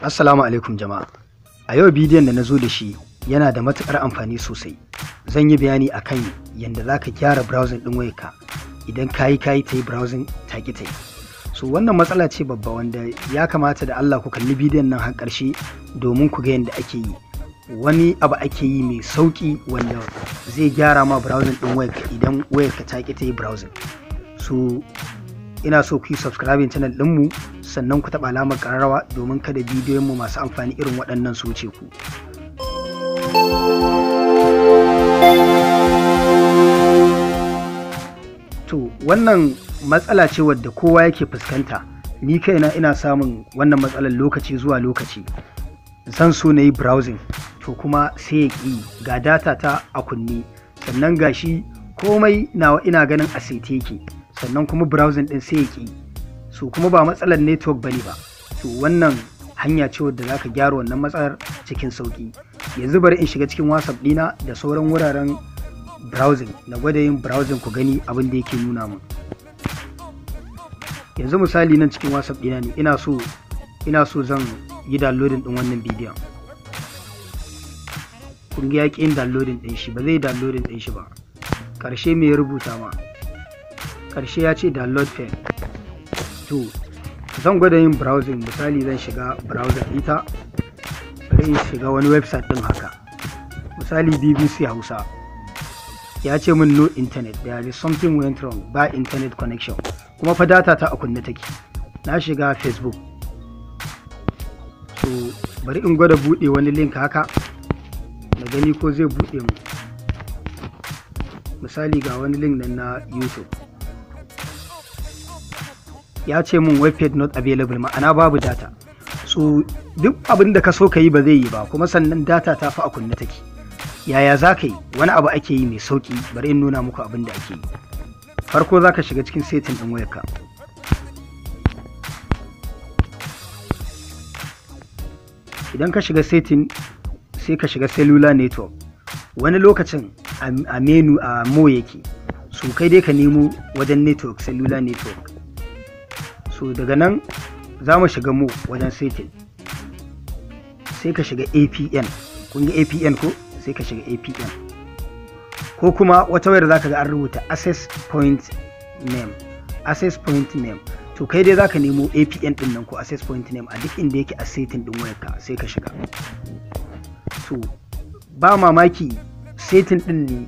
Assalamu alaikum jama'a. A yau bidiyon da na zo da shi yana da matuƙar amfani sosai. Zan yi bayani akan yadda za ka gyara browsing ɗin wayarka idan ka yi ka yi ta yi browsing ta ki ta yi. So wannan matsala ce babba wanda ya kamata da Allah ku kalli bidiyon nan har ƙarshe domin ku ga yadda ake yi. Wani abu ake yi mai sauƙi wanda zai gyara ma browsing ɗin wayarka idan wayarka ta ki ta yi browsing. So ina so ku yi subscribing channel ɗinmu sannan ku taɓa alamar ƙararrawa domin kada mu masu amfani irin waɗannan su wuce ku. To wannan matsala ce wadda kowa yake fuskanta, ni kaina ina samun wannan matsalar lokaci zuwa lokaci. Zan so na yi browsing, to kuma sai ya ƙi ga data ta a kunne, sannan gashi komai nawa ina ganin a yake, sannan kuma browsing ɗin sai ya ƙi. so kuma ba matsalar network bane ba to wannan hanya ce wadda za ka gyara wannan matsalar cikin sauki yanzu bari in shiga cikin whatsapp dina da sauran wuraren browsing na gwada yin browsing ku gani abin da yake nuna mun yanzu misali nan cikin whatsapp dina ne ina so zan yi downloading din wannan bidiyon kun ga yaƙi yin downloading din shi ba zai downloading din shi ba karshe me ya rubuta ma karshe ya ce download file to zan gwada yin browsing misali zan shiga browser ita bari in shiga wani website din haka misali bbc hausa ya ce min no internet there is something went wrong ba internet connection kuma fa data ta a kunne take na shiga facebook so bari in gwada buɗe wani link haka na gani ko zai buɗe mu misali ga wani link nan na youtube ya ce min webpage not available ma'ana babu data so duk abin da ka so ka yi ba zai yi ba kuma sannan data ta fi a kunne take yaya za ka yi wani abu ake yi mai sauki bari in nuna muku abin da ake yi farko za ka shiga cikin setin ɗin wayarka idan ka shiga setin sai ka shiga cellular network wani lokacin a menu a mo yake su kai dai ka nemo wajen network cellular network so daga nan za mu shiga mu wajen setting sai ka shiga apn kun yi apn ko sai ka shiga apn ko kuma wata wayar za ka ga an rubuta access point name access point name to kai dai za ka nemo apn din nan ko access point name a duk inda yake a setting din wayarka sai ka shiga to ba mamaki setin din ne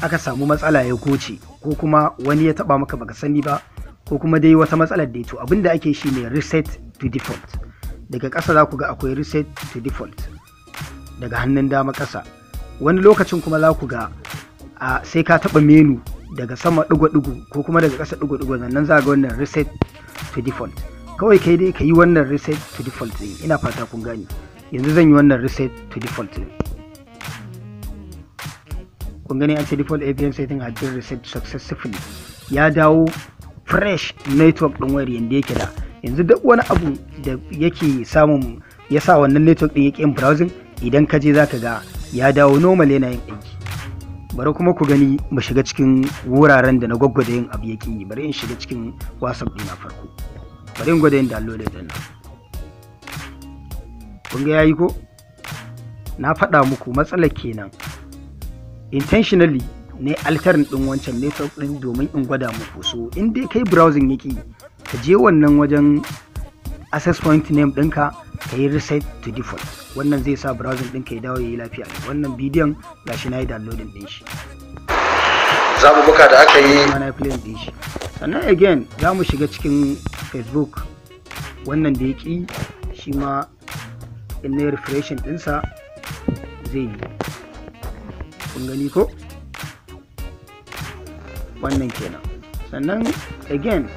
aka samu matsala ya goce ko kuma wani ya taba maka baka sani ba ko kuma dai wata matsalar da to abin da ake shi ne reset to default daga ƙasa za ku ga akwai reset to default daga hannun dama ƙasa wani lokacin kuma za ku ga a sai ka taɓa menu daga sama ɗigo-ɗigo ko kuma daga ƙasa ɗigo-ɗigo nan za ga wannan reset to default kawai kai dai ka yi wannan reset to default ne. ina fata kun gani, yanzu zan yi wannan reset to default ne. kun gani an ce default avian setting had been reset successfully ya dawo fresh network ɗin wayar yadda yake da yanzu duk wani abu da yake samun ya sa wannan network ɗin yake yin browsing idan ka je zaka ga ya dawo normal yana yin aiki bari kuma ku gani mu shiga cikin wuraren da na gwaggwada yin abu yake yi bari in shiga cikin whatsapp ɗina farko bari in gwada yin download da nan kun ga yayi ko na faɗa muku matsalar kenan intentionally ne altern din wancan network din domin in gwada muku so in dai kai browsing yake ka je wannan wajen access point name ɗinka ka yi reset to default wannan zai sa browsing ɗinka ya dawo ya yi lafiya wannan bidiyon shi na yi downloading ɗin shi zaɓuɓɓuka da aka yi sannan again za mu shiga cikin facebook wannan da ya ƙi shi ma in na refreshing ɗinsa zai yi kun gani ko wannan kenan sannan again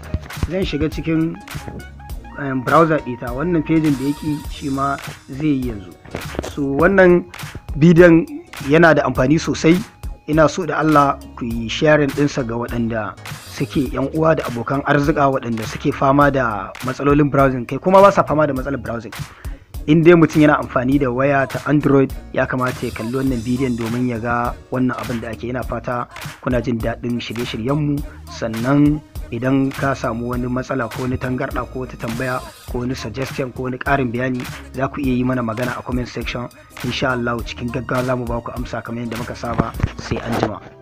zan shiga cikin um, browser ɗita wannan fejin da yake shi ma zai yi yanzu so wannan bidiyon yana da amfani sosai ina so da Allah ku yi sharing ɗinsa ga waɗanda suke yan uwa da abokan arzika waɗanda suke fama da matsalolin browsing kai kuma ba sa fama da matsalar browsing in dai mutum yana amfani da waya ta android ya kamata ya kalli wannan bidiyon domin ya ga wannan abin da ake yana fata kuna jin daɗin shirye-shiryenmu sannan idan ka samu wani matsala ko wani tangarɗa ko wata tambaya ko wani suggestion ko wani ƙarin bayani za ku iya yi mana magana a comment section insha Allah cikin gaggawa za mu ba ku amsa kamar yadda muka saba sai an jima.